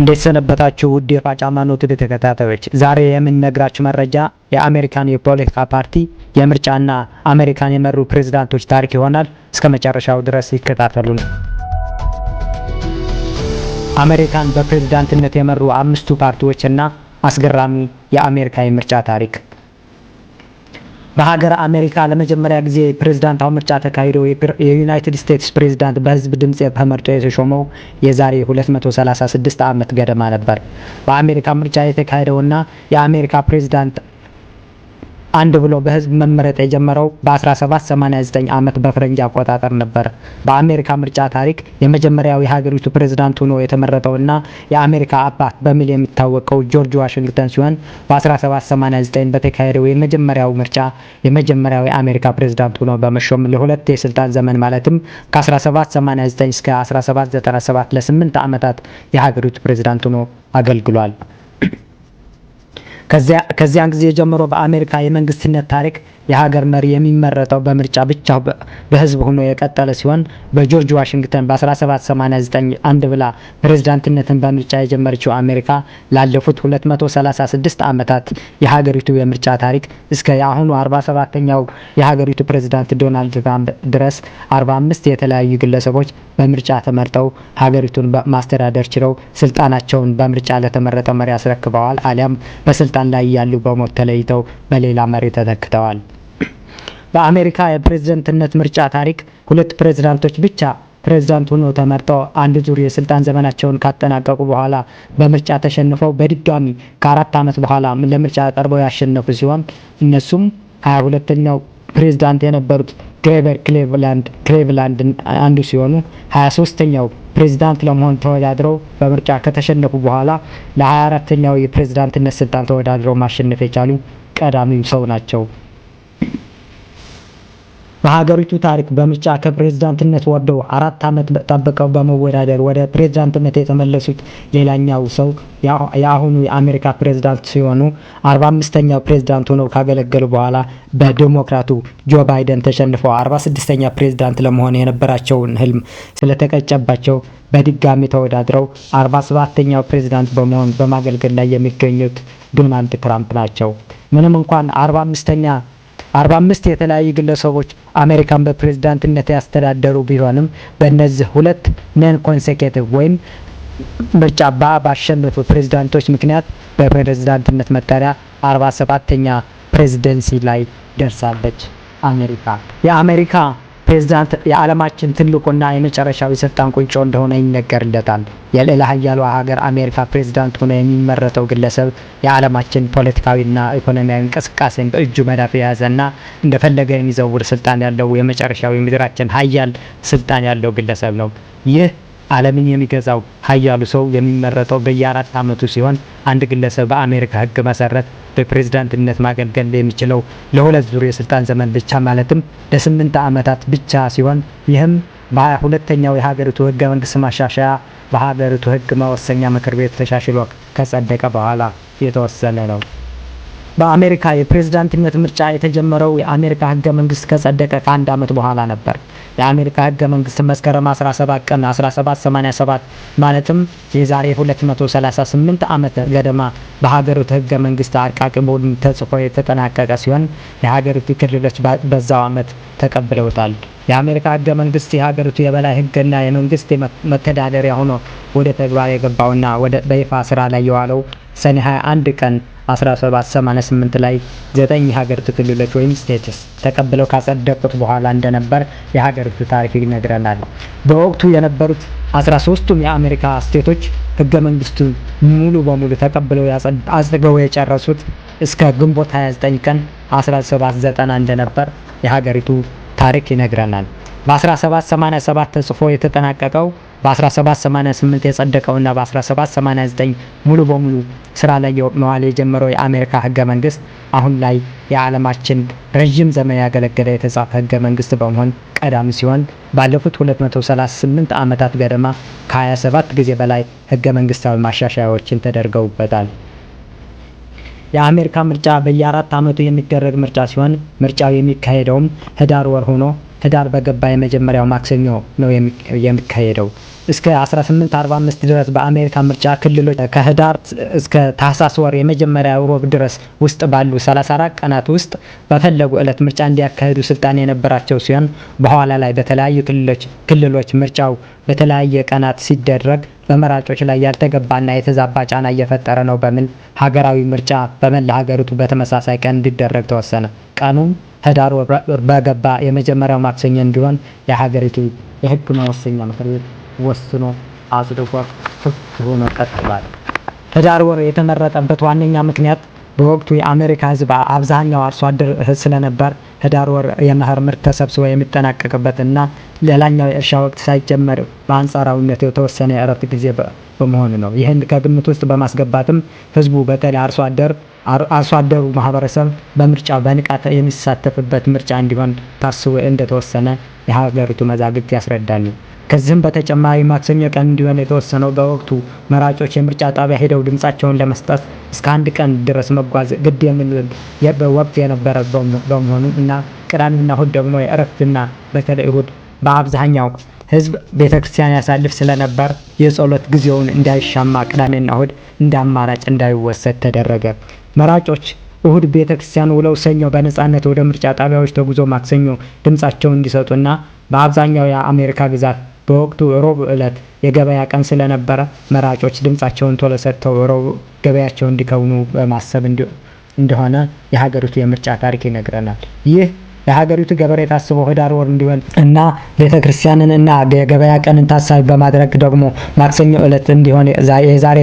እንዴት ሰነበታችሁ ውድ የፋጫማ ማኖት ተከታታዮች፣ ዛሬ የምንነግራችሁ መረጃ የአሜሪካን የፖለቲካ ፓርቲ የምርጫና አሜሪካን የመሩ ፕሬዝዳንቶች ታሪክ ይሆናል። እስከ መጨረሻው ድረስ ይከታተሉን። አሜሪካን በፕሬዝዳንትነት የመሩ አምስቱ ፓርቲዎችና አስገራሚ የአሜሪካ የምርጫ ታሪክ በሀገር አሜሪካ ለመጀመሪያ ጊዜ ፕሬዝዳንታዊ ምርጫ ተካሂዶ የዩናይትድ ስቴትስ ፕሬዝዳንት በህዝብ ድምፅ ተመርጦ የተሾመው የዛሬ 236 ዓመት ገደማ ነበር። በአሜሪካ ምርጫ የተካሄደውና የአሜሪካ ፕሬዝዳንት አንድ ብሎ በህዝብ መመረጥ የጀመረው በ1789 ዓመት በፈረንጅ አቆጣጠር ነበር። በአሜሪካ ምርጫ ታሪክ የመጀመሪያው የሀገሪቱ ፕሬዝዳንት ሆኖ የተመረጠውና የአሜሪካ አባት በሚል የሚታወቀው ጆርጅ ዋሽንግተን ሲሆን በ1789 በተካሄደው የመጀመሪያው ምርጫ የመጀመሪያው የአሜሪካ ፕሬዝዳንት ሆኖ በመሾም ለሁለት የስልጣን ዘመን ማለትም ከ1789 እስከ 1797 ለ8 ዓመታት የሀገሪቱ ፕሬዝዳንት ሆኖ አገልግሏል። ከዚያን ጊዜ ጀምሮ በአሜሪካ የመንግስትነት ታሪክ የሀገር መሪ የሚመረጠው በምርጫ ብቻ በህዝብ ሆኖ የቀጠለ ሲሆን በጆርጅ ዋሽንግተን በ1789 አንድ ብላ ፕሬዝዳንትነትን በምርጫ የጀመረችው አሜሪካ ላለፉት 236 ዓመታት የሀገሪቱ የምርጫ ታሪክ እስከ የአሁኑ 47ኛው የሀገሪቱ ፕሬዝዳንት ዶናልድ ትራምፕ ድረስ 45 የተለያዩ ግለሰቦች በምርጫ ተመርጠው ሀገሪቱን ማስተዳደር ችለው ስልጣናቸውን በምርጫ ለተመረጠ መሪ አስረክበዋል አሊያም በስልጣን ላይ ያሉ በሞት ተለይተው በሌላ መሪ ተተክተዋል። በአሜሪካ የፕሬዝደንትነት ምርጫ ታሪክ ሁለት ፕሬዝዳንቶች ብቻ ፕሬዝዳንት ሆኖ ተመርጠው አንድ ዙር የስልጣን ዘመናቸውን ካጠናቀቁ በኋላ በምርጫ ተሸንፈው በድጋሚ ከአራት ዓመት በኋላ ለምርጫ ቀርበው ያሸነፉ ሲሆን እነሱም ሀያ ሁለተኛው ፕሬዝዳንት የነበሩት ግሬቨር ክሌቭላንድ ክሌቭላንድ አንዱ ሲሆኑ ሀያ ሶስተኛው ፕሬዝዳንት ለመሆን ተወዳድረው በምርጫ ከተሸነፉ በኋላ ለ24ተኛው የፕሬዝዳንትነት ስልጣን ተወዳድረው ማሸነፍ የቻሉ ቀዳሚ ሰው ናቸው። በሀገሪቱ ታሪክ በምርጫ ከፕሬዝዳንትነት ወርደው አራት ዓመት ጠብቀው በመወዳደር ወደ ፕሬዝዳንትነት የተመለሱት ሌላኛው ሰው የአሁኑ የአሜሪካ ፕሬዝዳንት ሲሆኑ አርባ አምስተኛው ፕሬዝዳንት ሆነው ካገለገሉ በኋላ በዴሞክራቱ ጆ ባይደን ተሸንፈው አርባ ስድስተኛ ፕሬዝዳንት ለመሆን የነበራቸውን ህልም ስለተቀጨባቸው በድጋሚ ተወዳድረው አርባ ሰባተኛው ፕሬዝዳንት በመሆን በማገልገል ላይ የሚገኙት ዶናልድ ትራምፕ ናቸው። ምንም እንኳን አርባ ኛ አምስት የተለያዩ ግለሰቦች አሜሪካን በፕሬዝዳንትነት ያስተዳደሩ ቢሆንም በእነዚህ ሁለት ነን ኮንሴኬቲቭ ወይም ምርጫ ባ ባሸነፉ ፕሬዝዳንቶች ምክንያት በፕሬዝዳንትነት መጠሪያ አርባ ሰባተኛ ፕሬዝደንሲ ላይ ደርሳለች አሜሪካ። የአሜሪካ ፕሬዝዳንት የዓለማችን ትልቁና የመጨረሻው የስልጣን ቁንጮ እንደሆነ ይነገርለታል። የልዕለ ሀያሏ ሀገር አሜሪካ ፕሬዝዳንት ሆኖ የሚመረተው ግለሰብ የዓለማችን ፖለቲካዊና ኢኮኖሚያዊ እንቅስቃሴን በእጁ መዳፍ የያዘና እንደፈለገ የሚዘውር ስልጣን ያለው የመጨረሻው የምድራችን ሀያል ስልጣን ያለው ግለሰብ ነው። ይህ ዓለምን የሚገዛው ሀያሉ ሰው የሚመረጠው በየአራት ዓመቱ ሲሆን አንድ ግለሰብ በአሜሪካ ሕግ መሰረት በፕሬዝዳንትነት ማገልገል የሚችለው ለሁለት ዙር የስልጣን ዘመን ብቻ ማለትም ለስምንት ዓመታት ብቻ ሲሆን ይህም በሀያ ሁለተኛው የሀገሪቱ ህገ መንግስት ማሻሻያ በሀገሪቱ ህግ መወሰኛ ምክር ቤት ተሻሽሎ ከጸደቀ በኋላ የተወሰነ ነው። በአሜሪካ የፕሬዝዳንትነት ምርጫ የተጀመረው የአሜሪካ ህገ መንግስት ከጸደቀ ከአንድ አመት በኋላ ነበር። የአሜሪካ ህገ መንግስት መስከረም 17 ቀን 1787 ማለትም የዛሬ 238 ዓመት ገደማ በሀገሪቱ ህገ መንግስት አቃቅቦ ተጽፎ የተጠናቀቀ ሲሆን የሀገሪቱ ክልሎች በዛው ዓመት ተቀብለውታል። የአሜሪካ ህገ መንግስት የሀገሪቱ የበላይ ህግና የመንግስት መተዳደሪያ ሆኖ ወደ ተግባር የገባውና በይፋ ስራ ላይ የዋለው ሰኔ 21 ቀን 1788 ላይ ዘጠኝ የሀገሪቱ ክልሎች ወይም ስቴትስ ተቀብለው ካጸደቁት በኋላ እንደነበር የሀገሪቱ ታሪክ ይነግረናል። በወቅቱ የነበሩት 13ቱም የአሜሪካ ስቴቶች ህገ መንግስቱ ሙሉ በሙሉ ተቀብለው አጽድቀው የጨረሱት እስከ ግንቦት 29 ቀን 1790 እንደነበር የሀገሪቱ ታሪክ ይነግረናል። በ1787 ተጽፎ የተጠናቀቀው በ1788 የጸደቀውና በ1789 ሙሉ በሙሉ ስራ ላይ መዋል የጀመረው የአሜሪካ ህገ መንግስት አሁን ላይ የዓለማችን ረዥም ዘመን ያገለገለ የተጻፈ ህገ መንግስት በመሆን ቀዳሚ ሲሆን ባለፉት 238 ዓመታት ገደማ ከ27 ጊዜ በላይ ህገ መንግስታዊ ማሻሻያዎችን ተደርገውበታል። የአሜሪካ ምርጫ በየአራት ዓመቱ የሚደረግ ምርጫ ሲሆን ምርጫው የሚካሄደውም ህዳር ወር ሆኖ ህዳር በገባ የመጀመሪያው ማክሰኞ ነው የሚካሄደው። እስከ 1845 ድረስ በአሜሪካ ምርጫ ክልሎች ከህዳር እስከ ታህሳስ ወር የመጀመሪያ ሮብ ድረስ ውስጥ ባሉ 34 ቀናት ውስጥ በፈለጉ ዕለት ምርጫ እንዲያካሄዱ ስልጣን የነበራቸው ሲሆን በኋላ ላይ በተለያዩ ክልሎች ምርጫው በተለያየ ቀናት ሲደረግ በመራጮች ላይ ያልተገባና የተዛባ ጫና እየፈጠረ ነው በሚል ሀገራዊ ምርጫ በመላ ሀገሪቱ በተመሳሳይ ቀን እንዲደረግ ተወሰነ። ቀኑም ህዳር በገባ የመጀመሪያው ማክሰኞ እንዲሆን የሀገሪቱ የህግ መወሰኛ ምክር ቤት ወስኖ አጽድቆ ህግ ሆኖ ቀጥሏል። ህዳር ወር የተመረጠበት ዋነኛ ምክንያት በወቅቱ የአሜሪካ ህዝብ አብዛኛው አርሶ አደር ስለነበር ህዳር ወር የመኸር ምርት ተሰብስቦ የሚጠናቀቅበት እና ሌላኛው የእርሻ ወቅት ሳይጀመር በአንጻራዊነት የተወሰነ የእረፍት ጊዜ በመሆኑ ነው። ይህን ከግምት ውስጥ በማስገባትም ህዝቡ በተለይ አርሶ አደር አርሶ አደሩ ማህበረሰብ በምርጫ በንቃት የሚሳተፍበት ምርጫ እንዲሆን ታስቦ እንደተወሰነ የሀገሪቱ መዛግብት ያስረዳሉ። ከዚህም በተጨማሪ ማክሰኞ ቀን እንዲሆን የተወሰነው በወቅቱ መራጮች የምርጫ ጣቢያ ሄደው ድምፃቸውን ለመስጠት እስከ አንድ ቀን ድረስ መጓዝ ግድ የሚል ወቅት የነበረ በመሆኑ እና ቅዳሜና እሁድ ደግሞ የእረፍትና በተለይ እሁድ በአብዛኛው ህዝብ ቤተ ክርስቲያን ያሳልፍ ስለነበር የጸሎት ጊዜውን እንዳይሻማ ቅዳሜና እሁድ እንደ አማራጭ እንዳይወሰድ ተደረገ። መራጮች እሁድ ቤተ ክርስቲያን ውለው ሰኞ በነፃነት ወደ ምርጫ ጣቢያዎች ተጉዞ ማክሰኞ ድምፃቸውን እንዲሰጡና በአብዛኛው የአሜሪካ ግዛት በወቅቱ ሮብ ዕለት የገበያ ቀን ስለነበረ መራጮች ድምፃቸውን ቶሎ ሰጥተው ሮብ ገበያቸው እንዲከውኑ በማሰብ እንደሆነ የሀገሪቱ የምርጫ ታሪክ ይነግረናል። ይህ የሀገሪቱ ገበሬ ታስቦ ህዳር ወር እንዲውል እና ቤተ ክርስቲያንን እና የገበያ ቀንን ታሳቢ በማድረግ ደግሞ ማክሰኞ ዕለት እንዲሆን የዛሬ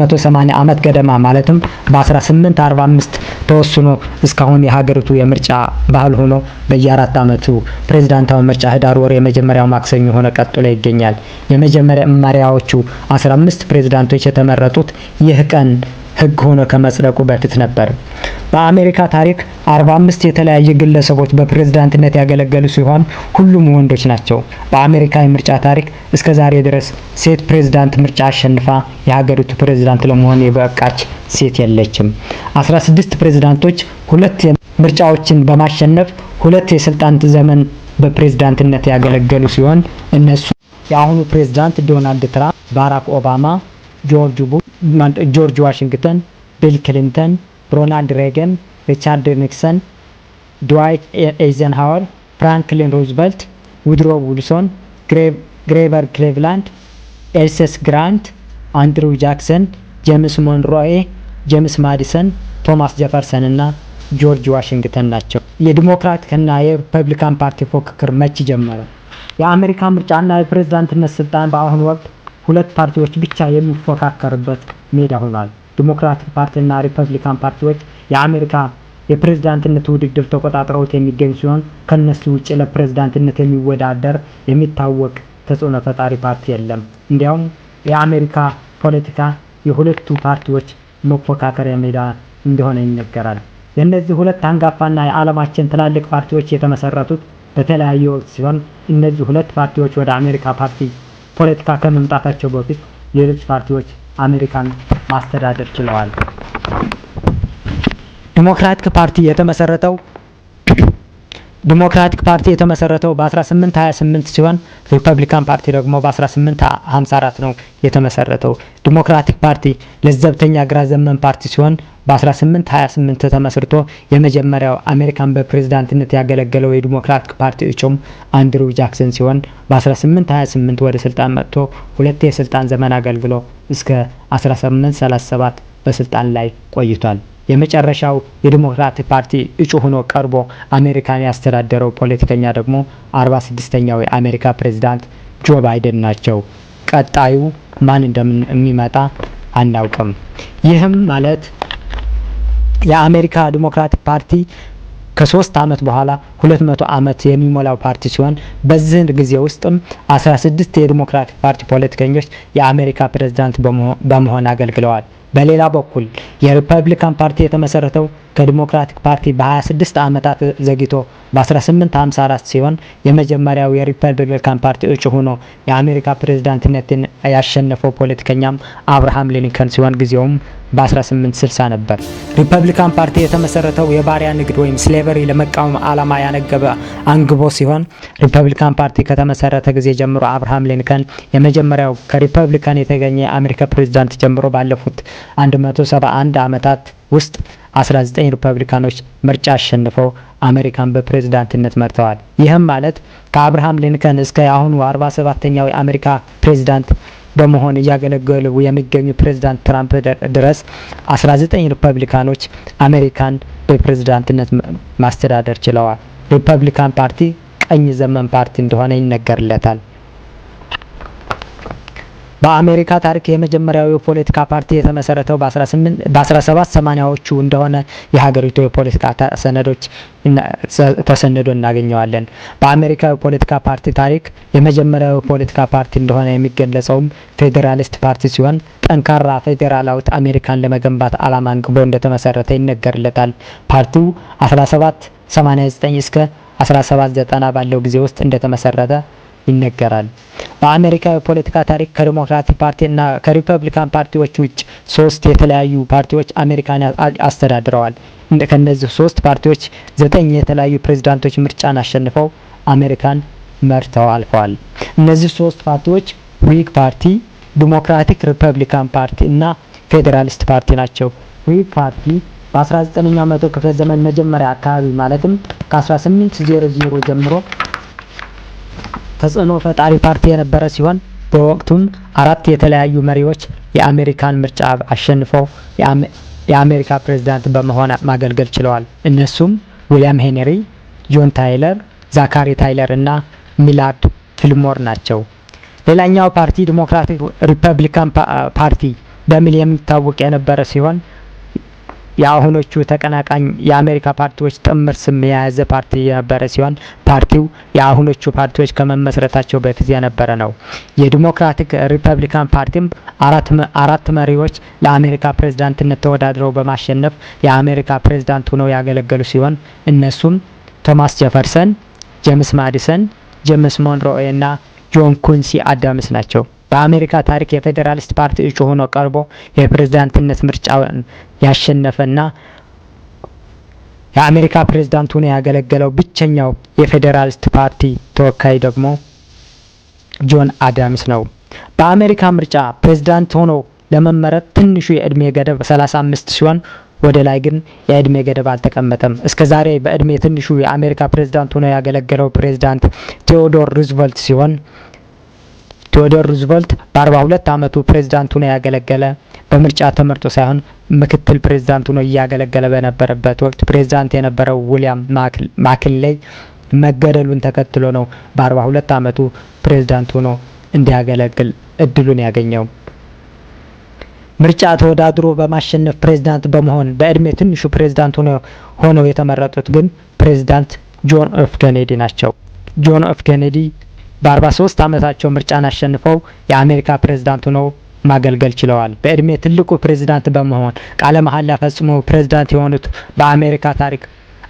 180 ዓመት ገደማ ማለትም በ1845 ተወስኖ እስካሁን የሀገሪቱ የምርጫ ባህል ሆኖ በየአራት ዓመቱ ፕሬዚዳንታዊ ምርጫ ህዳር ወር የመጀመሪያው ማክሰኞ ሆነ ቀጥሎ ይገኛል። የመጀመሪያ መሪያዎቹ 15 ፕሬዝዳንቶች የተመረጡት ይህ ቀን ህግ ሆኖ ከመጽደቁ በፊት ነበር። በአሜሪካ ታሪክ 45 የተለያዩ ግለሰቦች በፕሬዝዳንትነት ያገለገሉ ሲሆን ሁሉም ወንዶች ናቸው። በአሜሪካ የምርጫ ታሪክ እስከ ዛሬ ድረስ ሴት ፕሬዝዳንት ምርጫ አሸንፋ የሀገሪቱ ፕሬዝዳንት ለመሆን የበቃች ሴት የለችም። 16 ፕሬዝዳንቶች ሁለት ምርጫዎችን በማሸነፍ ሁለት የስልጣን ዘመን በፕሬዝዳንትነት ያገለገሉ ሲሆን እነሱ የአሁኑ ፕሬዝዳንት ዶናልድ ትራምፕ፣ ባራክ ኦባማ ጆርጅ ቡሽ፣ ጆርጅ ዋሽንግተን፣ ቢል ክሊንተን፣ ሮናልድ ሬገን፣ ሪቻርድ ኒክሰን፣ ድዋይት ኤይዘንሃወር፣ ፍራንክሊን ሩዝቨልት፣ ውድሮ ዊልሶን፣ ግሬቨር ክሊቭላንድ፣ ኤልሰስ ግራንት፣ አንድሩ ጃክሰን፣ ጄምስ ሞንሮኤ፣ ጄምስ ማዲሰን፣ ቶማስ ጀፈርሰን እና ጆርጅ ዋሽንግተን ናቸው። የዲሞክራት እና የሪፐብሊካን ፓርቲ ፉክክር መቼ ጀመረ? የአሜሪካ ምርጫና የፕሬዝዳንትነት ስልጣን በአሁኑ ወቅት ሁለት ፓርቲዎች ብቻ የሚፎካከርበት ሜዳ ሆኗል። ዲሞክራቲክ ፓርቲና ሪፐብሊካን ፓርቲዎች የአሜሪካ የፕሬዝዳንትነት ውድድር ተቆጣጥረውት የሚገኝ ሲሆን ከነሱ ውጭ ለፕሬዝዳንትነት የሚወዳደር የሚታወቅ ተጽዕኖ ፈጣሪ ፓርቲ የለም። እንዲያውም የአሜሪካ ፖለቲካ የሁለቱ ፓርቲዎች መፎካከሪያ ሜዳ እንደሆነ ይነገራል። የእነዚህ ሁለት አንጋፋና የዓለማችን ትላልቅ ፓርቲዎች የተመሰረቱት በተለያየ ወቅት ሲሆን እነዚህ ሁለት ፓርቲዎች ወደ አሜሪካ ፓርቲ ፖለቲካ ከመምጣታቸው በፊት ሌሎች ፓርቲዎች አሜሪካን ማስተዳደር ችለዋል ዲሞክራቲክ ፓርቲ የተመሰረተው ዲሞክራቲክ ፓርቲ የተመሰረተው በ1828 ሲሆን ሪፐብሊካን ፓርቲ ደግሞ በ1854 ነው የተመሰረተው። ዲሞክራቲክ ፓርቲ ለዘብተኛ ግራ ዘመን ፓርቲ ሲሆን በ1828 ተመስርቶ የመጀመሪያው አሜሪካን በፕሬዝዳንትነት ያገለገለው የዲሞክራቲክ ፓርቲ እጩም አንድሩ ጃክሰን ሲሆን በ1828 ወደ ስልጣን መጥቶ ሁለት የስልጣን ዘመን አገልግሎ እስከ 1837 በስልጣን ላይ ቆይቷል። የመጨረሻው የዲሞክራቲክ ፓርቲ እጩ ሆኖ ቀርቦ አሜሪካን ያስተዳደረው ፖለቲከኛ ደግሞ 46ኛው የአሜሪካ ፕሬዚዳንት ጆ ባይደን ናቸው። ቀጣዩ ማን እንደሚመጣ አናውቅም። ይህም ማለት የአሜሪካ ዲሞክራቲክ ፓርቲ ከሶስት አመት በኋላ ሁለት መቶ አመት የሚሞላው ፓርቲ ሲሆን በዚህን ጊዜ ውስጥም ስድስት የዲሞክራቲክ ፓርቲ ፖለቲከኞች የአሜሪካ ፕሬዚዳንት በመሆን አገልግለዋል። በሌላ በኩል የሪፐብሊካን ፓርቲ የተመሰረተው ከዲሞክራቲክ ፓርቲ በ26 ዓመታት ዘግይቶ በ1854 ሲሆን የመጀመሪያው የሪፐብሊካን እጩ ሆኖ የአሜሪካ ፕሬዝዳንትነትን ያሸነፈው ፖለቲከኛም አብርሃም ሊንከን ሲሆን ጊዜውም በ1860 ነበር። ሪፐብሊካን ፓርቲ የተመሰረተው የባሪያ ንግድ ወይም ስሌቨሪ ለመቃወም ዓላማ ያነገበ አንግቦ ሲሆን ሪፐብሊካን ፓርቲ ከተመሰረተ ጊዜ ጀምሮ አብርሃም ሊንከን የመጀመሪያው ከሪፐብሊካን የተገኘ የአሜሪካ ፕሬዝዳንት ጀምሮ ባለፉት 171 ዓመታት ውስጥ 19 ሪፐብሊካኖች ምርጫ አሸንፈው አሜሪካን በፕሬዝዳንትነት መርተዋል። ይህም ማለት ከአብርሃም ሊንከን እስከ አሁኑ 47ኛው የአሜሪካ ፕሬዝዳንት በመሆን እያገለገሉ የሚገኙ ፕሬዝዳንት ትራምፕ ድረስ 19 ሪፐብሊካኖች አሜሪካን በፕሬዝዳንትነት ማስተዳደር ችለዋል። ሪፐብሊካን ፓርቲ ቀኝ ዘመን ፓርቲ እንደሆነ ይነገርለታል። በአሜሪካ ታሪክ የመጀመሪያው የፖለቲካ ፓርቲ የተመሰረተው በ1780ዎቹ እንደሆነ የሀገሪቱ የፖለቲካ ሰነዶች ተሰንዶ እናገኘዋለን። በአሜሪካ የፖለቲካ ፓርቲ ታሪክ የመጀመሪያው የፖለቲካ ፓርቲ እንደሆነ የሚገለጸውም ፌዴራሊስት ፓርቲ ሲሆን ጠንካራ ፌዴራላዊት አሜሪካን ለመገንባት ዓላማ አንግቦ እንደተመሰረተ ይነገርለታል። ፓርቲው 1789 እስከ 1790 ባለው ጊዜ ውስጥ እንደተመሰረተ ይነገራል። በአሜሪካ የፖለቲካ ታሪክ ፓርቲ ፓርቲና ከሪፐብሊካን ፓርቲዎች ውጭ ሶስት የተለያዩ ፓርቲዎች አሜሪካን አስተዳድረዋል። ከእነዚህ ሶስት ፓርቲዎች ዘጠኝ የተለያዩ ፕሬዚዳንቶች ምርጫን አሸንፈው አሜሪካን መርተው አልፈዋል። እነዚህ ሶስት ፓርቲዎች ዊግ ፓርቲ፣ ዲሞክራቲክ ሪፐብሊካን ፓርቲ እና ፌዴራሊስት ፓርቲ ናቸው። ዊግ ፓርቲ በ19ኛው መቶ ክፍለ ዘመን መጀመሪያ አካባቢ ማለትም ከ1800 ጀምሮ ተጽዕኖ ፈጣሪ ፓርቲ የነበረ ሲሆን በወቅቱም አራት የተለያዩ መሪዎች የአሜሪካን ምርጫ አሸንፈው የአሜሪካ ፕሬዝዳንት በመሆን ማገልገል ችለዋል። እነሱም ዊልያም ሄነሪ፣ ጆን ታይለር፣ ዛካሪ ታይለር እና ሚላርድ ፊልሞር ናቸው። ሌላኛው ፓርቲ ዲሞክራቲክ ሪፐብሊካን ፓርቲ በሚል የሚታወቅ የነበረ ሲሆን የአሁኖቹ ተቀናቃኝ የአሜሪካ ፓርቲዎች ጥምር ስም የያዘ ፓርቲ የነበረ ሲሆን ፓርቲው የአሁኖቹ ፓርቲዎች ከመመስረታቸው በፊት የነበረ ነው። የዲሞክራቲክ ሪፐብሊካን ፓርቲም አራት መሪዎች ለአሜሪካ ፕሬዝዳንትነት ተወዳድረው በማሸነፍ የአሜሪካ ፕሬዝዳንት ሆነው ያገለገሉ ሲሆን እነሱም ቶማስ ጀፈርሰን ጄምስ ማዲሰን፣ ጄምስ ሞንሮኤ እና ጆን ኩንሲ አዳምስ ናቸው። በአሜሪካ ታሪክ የፌዴራሊስት ፓርቲ እጩ ሆኖ ቀርቦ የፕሬዝዳንትነት ምርጫውን ያሸነፈና የአሜሪካ ፕሬዝዳንት ሆኖ ያገለገለው ብቸኛው የፌዴራሊስት ፓርቲ ተወካይ ደግሞ ጆን አዳምስ ነው። በአሜሪካ ምርጫ ፕሬዝዳንት ሆኖ ለመመረጥ ትንሹ የእድሜ ገደብ 35 ሲሆን ወደ ላይ ግን የእድሜ ገደብ አልተቀመጠም። እስከ ዛሬ በእድሜ ትንሹ የአሜሪካ ፕሬዝዳንት ሆኖ ያገለገለው ፕሬዝዳንት ቴዎዶር ሩዝቨልት ሲሆን ቴዎዶር ሩዝቨልት በ42 ዓመቱ ፕሬዝዳንት ሆኖ ያገለገለ በምርጫ ተመርጦ ሳይሆን ምክትል ፕሬዝዳንት ሆኖ እያገለገለ በነበረበት ወቅት ፕሬዝዳንት የነበረው ዊሊያም ማክሌይ መገደሉን ተከትሎ ነው በ42 ዓመቱ ፕሬዝዳንት ሆኖ እንዲያገለግል እድሉን ያገኘው። ምርጫ ተወዳድሮ በማሸነፍ ፕሬዝዳንት በመሆን በእድሜ ትንሹ ፕሬዝዳንት ሆነው የተመረጡት ግን ፕሬዝዳንት ጆን ኤፍ ኬኔዲ ናቸው። ጆን ኤፍ ኬኔዲ በ43 ዓመታቸው ምርጫን አሸንፈው የአሜሪካ ፕሬዝዳንት ሆነው ማገልገል ችለዋል። በእድሜ ትልቁ ፕሬዝዳንት በመሆን ቃለ መሐላ ፈጽመው ፕሬዝዳንት የሆኑት በአሜሪካ ታሪክ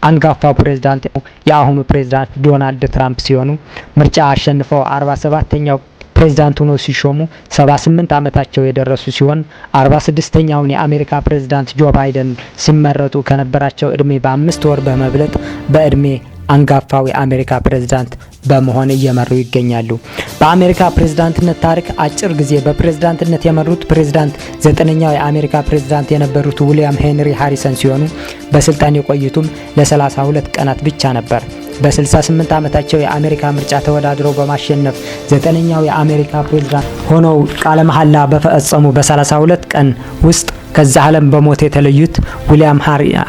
አንጋፋው ፕሬዝዳንት የአሁኑ ፕሬዝዳንት ዶናልድ ትራምፕ ሲሆኑ ምርጫ አሸንፈው 47ተኛው ፕሬዝዳንት ሆነው ሲሾሙ 78 ዓመታቸው የደረሱ ሲሆን 46ተኛውን የአሜሪካ ፕሬዝዳንት ጆ ባይደን ሲመረጡ ከነበራቸው እድሜ በአምስት ወር በመብለጥ በእድሜ አንጋፋው የአሜሪካ ፕሬዝዳንት በመሆን እየመሩ ይገኛሉ። በአሜሪካ ፕሬዝዳንትነት ታሪክ አጭር ጊዜ በፕሬዝዳንትነት የመሩት ፕሬዝዳንት ዘጠነኛው የአሜሪካ ፕሬዝዳንት የነበሩት ዊሊያም ሄንሪ ሃሪሰን ሲሆኑ በስልጣን የቆይቱም ለ32 ቀናት ብቻ ነበር። በ68 ዓመታቸው የአሜሪካ ምርጫ ተወዳድረው በማሸነፍ ዘጠነኛው የአሜሪካ ፕሬዝዳንት ሆነው ቃለ መሐላ በፈጸሙ በ32 ቀን ውስጥ ከዛ ዓለም በሞት የተለዩት ዊሊያም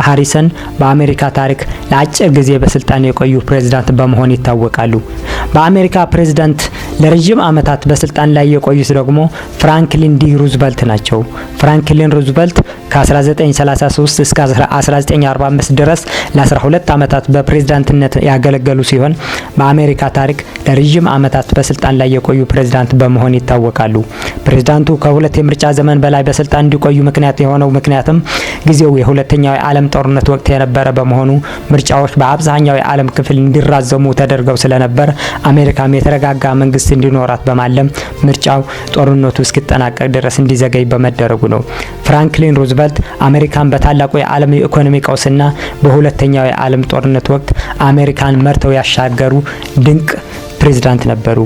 ሃሪሰን በአሜሪካ ታሪክ ለአጭር ጊዜ በስልጣን የቆዩ ፕሬዝዳንት በመሆን ይታወቃሉ። በአሜሪካ ፕሬዝዳንት ለረዥም ዓመታት በስልጣን ላይ የቆዩት ደግሞ ፍራንክሊን ዲ ሩዝቨልት ናቸው። ፍራንክሊን ሩዝቨልት ከ1933 እስከ 1945 ድረስ ለ12 ዓመታት በፕሬዝዳንትነት ያገለገሉ ሲሆን በአሜሪካ ታሪክ ለረዥም ዓመታት በስልጣን ላይ የቆዩ ፕሬዝዳንት በመሆን ይታወቃሉ። ፕሬዝዳንቱ ከሁለት የምርጫ ዘመን በላይ በስልጣን እንዲቆዩ ምክንያት የሆነው ምክንያትም ጊዜው የሁለተኛው የዓለም ጦርነት ወቅት የነበረ በመሆኑ ምርጫዎች በአብዛኛው የዓለም ክፍል እንዲራዘሙ ተደርገው ስለነበር አሜሪካም የተረጋጋ መንግስት እንዲኖራት በማለም ምርጫው ጦርነቱ እስኪጠናቀቅ ድረስ እንዲዘገይ በመደረጉ ነው። ፍራንክሊን ሩዝ ሩዝቨልት አሜሪካን በታላቁ የዓለም የኢኮኖሚ ቀውስና በሁለተኛው የዓለም ጦርነት ወቅት አሜሪካን መርተው ያሻገሩ ድንቅ ፕሬዝዳንት ነበሩ።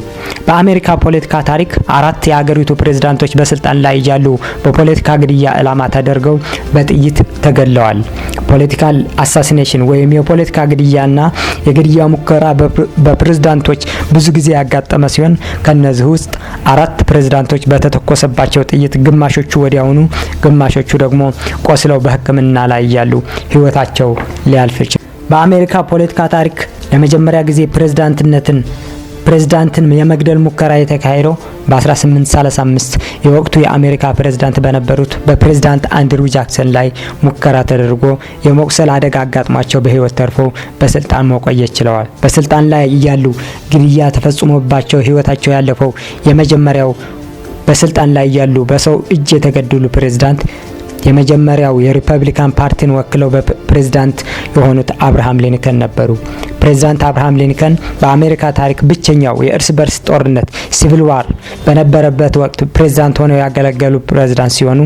በአሜሪካ ፖለቲካ ታሪክ አራት የሀገሪቱ ፕሬዝዳንቶች በስልጣን ላይ እያሉ በፖለቲካ ግድያ ዕላማ ተደርገው በጥይት ተገድለዋል። ፖለቲካል አሳሲኔሽን ወይም የፖለቲካ ግድያና የግድያ ሙከራ በፕሬዝዳንቶች ብዙ ጊዜ ያጋጠመ ሲሆን ከነዚህ ውስጥ አራት ፕሬዝዳንቶች በተተኮሰባቸው ጥይት ግማሾቹ ወዲያውኑ ግማሾቹ ደግሞ ቆስለው በሕክምና ላይ ያሉ ህይወታቸው ሊያልፍ ይችላል። በአሜሪካ ፖለቲካ ታሪክ ለመጀመሪያ ጊዜ ፕሬዝዳንትነትን ፕሬዝዳንትን የመግደል ሙከራ የተካሄደው በ1835 የወቅቱ የአሜሪካ ፕሬዝዳንት በነበሩት በፕሬዝዳንት አንድሩ ጃክሰን ላይ ሙከራ ተደርጎ የመቁሰል አደጋ አጋጥሟቸው በህይወት ተርፎ በስልጣን መቆየት ችለዋል። በስልጣን ላይ እያሉ ግድያ ተፈጽሞባቸው ህይወታቸው ያለፈው የመጀመሪያው በስልጣን ላይ ያሉ በሰው እጅ የተገደሉ ፕሬዝዳንት የመጀመሪያው የሪፐብሊካን ፓርቲን ወክለው በፕሬዝዳንት የሆኑት አብርሃም ሊንከን ነበሩ። ፕሬዚዳንት አብርሃም ሊንከን በአሜሪካ ታሪክ ብቸኛው የእርስ በርስ ጦርነት ሲቪል ዋር በነበረበት ወቅት ፕሬዚዳንት ሆነው ያገለገሉ ፕሬዚዳንት ሲሆኑ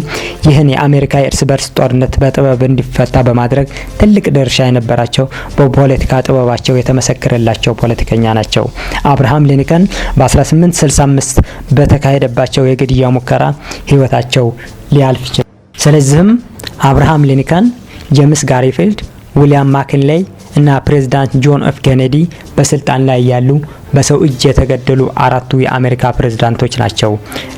ይህን የአሜሪካ የእርስ በርስ ጦርነት በጥበብ እንዲፈታ በማድረግ ትልቅ ድርሻ የነበራቸው በፖለቲካ ጥበባቸው የተመሰከረላቸው ፖለቲከኛ ናቸው። አብርሃም ሊንከን በ1865 በተካሄደባቸው የግድያ ሙከራ ህይወታቸው ሊያልፍ ይችላል። ስለዚህም አብርሃም ሊንከን፣ ጄምስ ጋሪፊልድ፣ ዊሊያም ማኪንሌይ እና ፕሬዝዳንት ጆን ኤፍ ኬኔዲ በስልጣን ላይ ያሉ በሰው እጅ የተገደሉ አራቱ የአሜሪካ ፕሬዝዳንቶች ናቸው።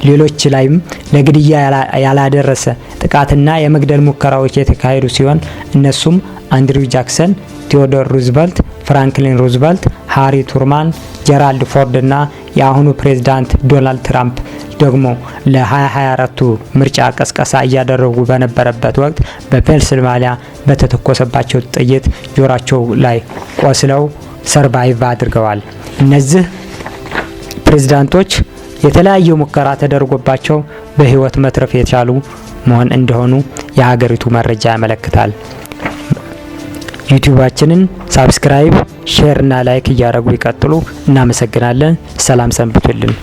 ሌሎች ላይም ለግድያ ያላደረሰ ጥቃትና የመግደል ሙከራዎች የተካሄዱ ሲሆን እነሱም አንድሪው ጃክሰን፣ ቴዎዶር ሩዝቨልት ፍራንክሊን ሩዝቨልት፣ ሃሪ ቱርማን፣ ጀራልድ ፎርድ እና የአሁኑ ፕሬዝዳንት ዶናልድ ትራምፕ ደግሞ ለ2024ቱ ምርጫ ቀስቀሳ እያደረጉ በነበረበት ወቅት በፔንስልቫኒያ በተተኮሰባቸው ጥይት ጆሯቸው ላይ ቆስለው ሰርቫይቭ አድርገዋል። እነዚህ ፕሬዝዳንቶች የተለያየ ሙከራ ተደርጎባቸው በህይወት መትረፍ የቻሉ መሆን እንደሆኑ የሀገሪቱ መረጃ ያመለክታል። ዩቲዩባችንን ሳብስክራይብ፣ ሼር እና ላይክ እያደረጉ ይቀጥሉ። እናመሰግናለን። ሰላም ሰንብቱልን።